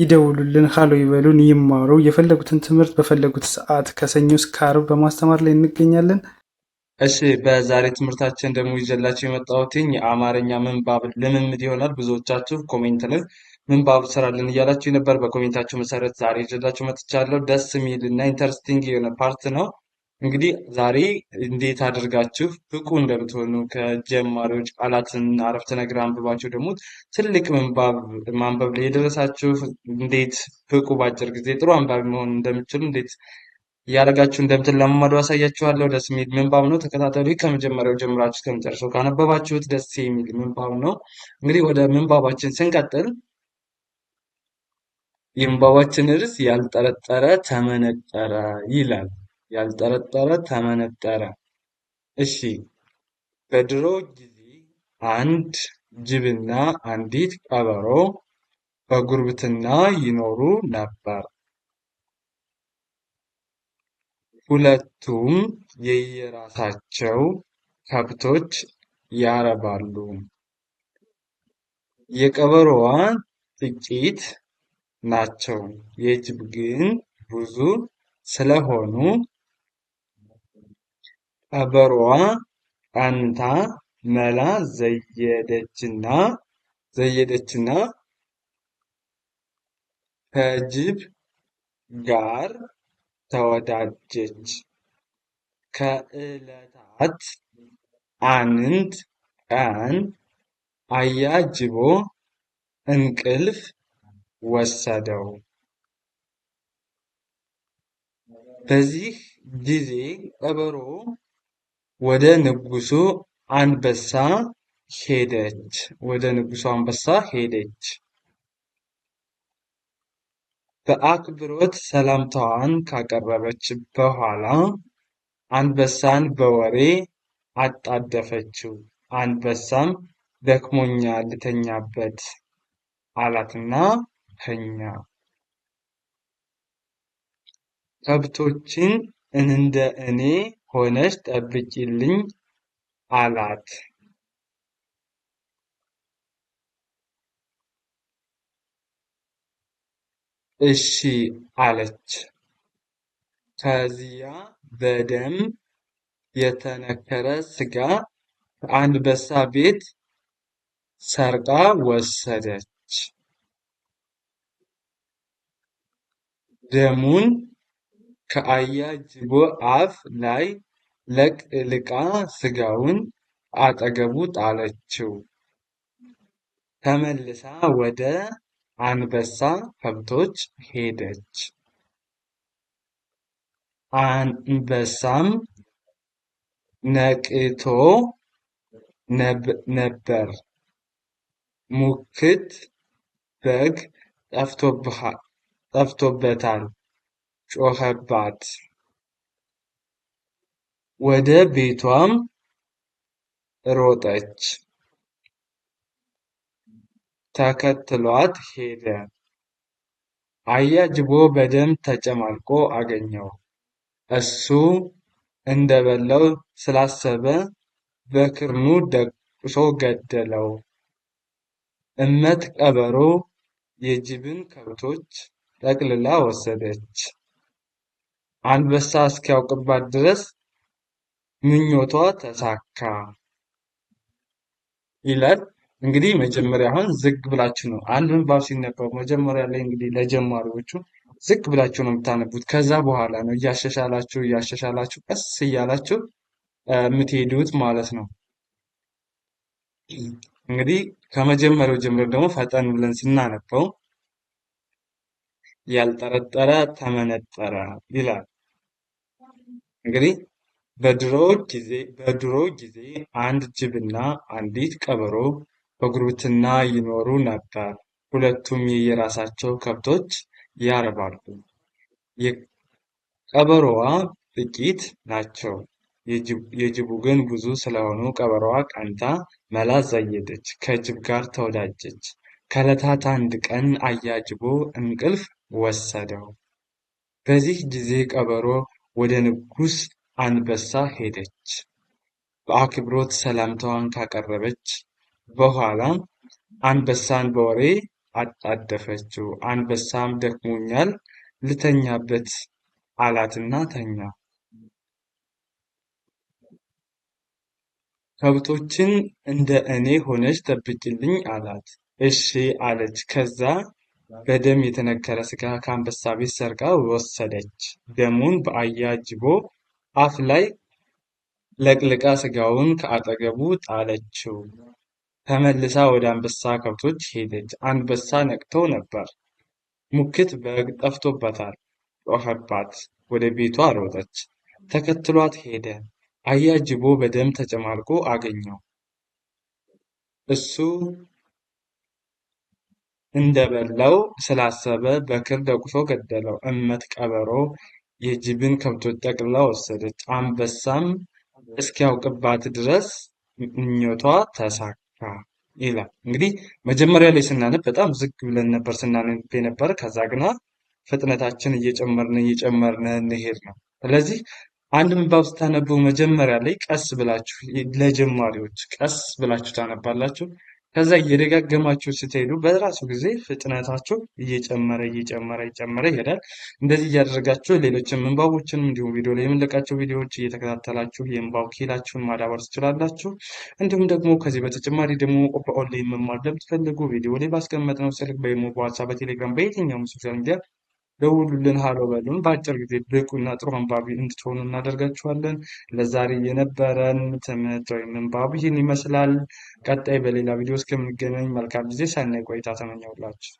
ይደውሉልን፣ ሀሎ ይበሉን፣ ይማሩ። የፈለጉትን ትምህርት በፈለጉት ሰዓት ከሰኞ እስከ ዓርብ በማስተማር ላይ እንገኛለን። እሺ በዛሬ ትምህርታችን ደግሞ ይዤላችሁ የመጣሁት የአማርኛ ምንባብ ልምምድ ይሆናል። ብዙዎቻችሁ ኮሜንት ላይ ምንባብ ስራልን እያላችሁ ነበር። በኮሜንታችሁ መሰረት ዛሬ ይዤላችሁ መጥቻለሁ። ደስ የሚል እና ኢንተረስቲንግ የሆነ ፓርት ነው። እንግዲህ ዛሬ እንዴት አድርጋችሁ ብቁ እንደምትሆኑ ከጀማሪዎች ቃላትን አረፍተ ነገር አንብባችሁ ደግሞ ትልቅ ምንባብ ማንበብ ላይ የደረሳችሁ እንዴት ብቁ በአጭር ጊዜ ጥሩ አንባቢ መሆን እንደምችሉ እንዴት እያደረጋችሁ እንደምትለማመዱ አሳያችኋለሁ። ደስ የሚል ምንባብ ነው። ተከታተሉ። ከመጀመሪያው ጀምራችሁ እስከመጨረሻው ካነበባችሁት ደስ የሚል ምንባብ ነው። እንግዲህ ወደ ምንባባችን ስንቀጥል የምንባባችን ርዕስ ያልጠረጠረ ተመነጠረ ይላል። ያልጠረጠረ ተመነጠረ። እሺ በድሮ ጊዜ አንድ ጅብና አንዲት ቀበሮ በጉርብትና ይኖሩ ነበር። ሁለቱም የየራሳቸው ከብቶች ያረባሉ። የቀበሮዋ ጥቂት ናቸው፣ የጅብ ግን ብዙ ስለሆኑ ከበሮዋ ቀንታ መላ ዘየደችና ከጅብ ጋር ተወዳጀች። ከእለታት አንድ ቀን አያጅቦ እንቅልፍ ወሰደው። በዚህ ጊዜ ቀበሮው ወደ ንጉሱ አንበሳ ሄደች ወደ ንጉሱ አንበሳ ሄደች። በአክብሮት ሰላምታዋን ካቀረበች በኋላ አንበሳን በወሬ አጣደፈችው። አንበሳም ደክሞኛ ልተኛበት አላትና ተኛ። ከብቶችን እንደ እኔ ሆነሽ ጠብቂልኝ አላት፡፡ እሺ አለች፡፡ ከዚያ በደም የተነከረ ሥጋ ከአንበሳ ቤት ሰርቃ ወሰደች፡፡ ደሙን ከአያጅቦ አፍ ላይ ለቅልቃ ስጋውን አጠገቡ ጣለችው። ተመልሳ ወደ አንበሳ ከብቶች ሄደች። አንበሳም ነቅቶ ነበር። ሙክት በግ ጠፍቶበታል ጮኸባት ወደ ቤቷም ሮጠች ተከትሏት ሄደ። አያጅቦ በደም ተጨማልቆ አገኘው። እሱ እንደበላው ስላሰበ በክርኑ ደቁሶ ገደለው። እመት ቀበሮ የጅብን ከብቶች ጠቅልላ ወሰደች። አንበሳ እስኪያውቅባት ድረስ ምኞቷ ተሳካ ይላል። እንግዲህ መጀመሪያ አሁን ዝግ ብላችሁ ነው አንድ ምንባብ ሲነበብ መጀመሪያ ላይ እንግዲህ ለጀማሪዎቹ ዝግ ብላችሁ ነው የምታነቡት። ከዛ በኋላ ነው እያሻሻላችሁ እያሻሻላችሁ ቀስ እያላችሁ የምትሄዱት ማለት ነው። እንግዲህ ከመጀመሪያው ጀምሮ ደግሞ ፈጠን ብለን ስናነበው ያልጠረጠረ ተመነጠረ ይላል። እንግዲህ በድሮ ጊዜ አንድ ጅብና አንዲት ቀበሮ በጉርብትና ይኖሩ ነበር። ሁለቱም የየራሳቸው ከብቶች ያረባሉ። ቀበሮዋ ጥቂት ናቸው፣ የጅቡ ግን ብዙ ስለሆኑ ቀበሮዋ ቀንታ መላ ዘየደች፣ ከጅብ ጋር ተወዳጀች። ከዕለታት አንድ ቀን አያጅቦ እንቅልፍ ወሰደው። በዚህ ጊዜ ቀበሮ ወደ ንጉሥ አንበሳ ሄደች። በአክብሮት ሰላምታዋን ካቀረበች በኋላ አንበሳን በወሬ አጣደፈችው። አንበሳም ደክሞኛል ልተኛበት አላትና ተኛ። ከብቶችን እንደ እኔ ሆነች ጠብቂልኝ አላት። እሺ አለች። ከዛ በደም የተነከረ ሥጋ ከአንበሳ ቤት ሰርቃ ወሰደች። ደሙን በአያጅቦ አፍ ላይ ለቅልቃ ሥጋውን ከአጠገቡ ጣለችው። ተመልሳ ወደ አንበሳ ከብቶች ሄደች። አንበሳ ነቅቶ ነበር። ሙክት በግ ጠፍቶበታል። ጮኸባት። ወደ ቤቷ አሮጠች! ተከትሏት ሄደ። አያጅቦ በደም ተጨማልቆ አገኘው። እሱ እንደበላው ስላሰበ በክር ደቁሶ ገደለው። እመት ቀበሮ የጅብን ከብቶች ጠቅልላ ወሰደች። አንበሳም እስኪያውቅባት ድረስ ምኞቷ ተሳካ ይላል። እንግዲህ መጀመሪያ ላይ ስናነብ በጣም ዝግ ብለን ነበር ስናነብ ነበር። ከዛ ግና ፍጥነታችን እየጨመርን እየጨመርን እንሄድ ነው። ስለዚህ አንድ ምንባብ ስታነቡ መጀመሪያ ላይ ቀስ ብላችሁ ለጀማሪዎች ቀስ ብላችሁ ታነባላችሁ። ከዛ እየደጋገማችሁ ስትሄዱ በራሱ ጊዜ ፍጥነታችሁ እየጨመረ እየጨመረ እየጨመረ ይሄዳል። እንደዚህ እያደረጋችሁ ሌሎችም እንባቦችንም እንዲሁም ቪዲዮ ላይ የምንለቃቸው ቪዲዮዎች እየተከታተላችሁ የእንባብ ኪላችሁን ማዳበር ትችላላችሁ። እንዲሁም ደግሞ ከዚህ በተጨማሪ ደግሞ በኦንላይን መማር ለምትፈልጉ ቪዲዮ ላይ ባስቀመጥነው ስልክ በኢሞ፣ በዋትሳፕ፣ በቴሌግራም በየትኛውም ሶሻል ሚዲያ ደውሉልን፣ ሀሎ በሉን። በአጭር ጊዜ ብቁና ጥሩ አንባቢ እንድትሆኑ እናደርጋችኋለን። ለዛሬ የነበረን ትምህርት ወይም ምንባብ ይህን ይመስላል። ቀጣይ በሌላ ቪዲዮ እስከምንገናኝ መልካም ጊዜ፣ ሰናይ ቆይታ ተመኘውላችሁ።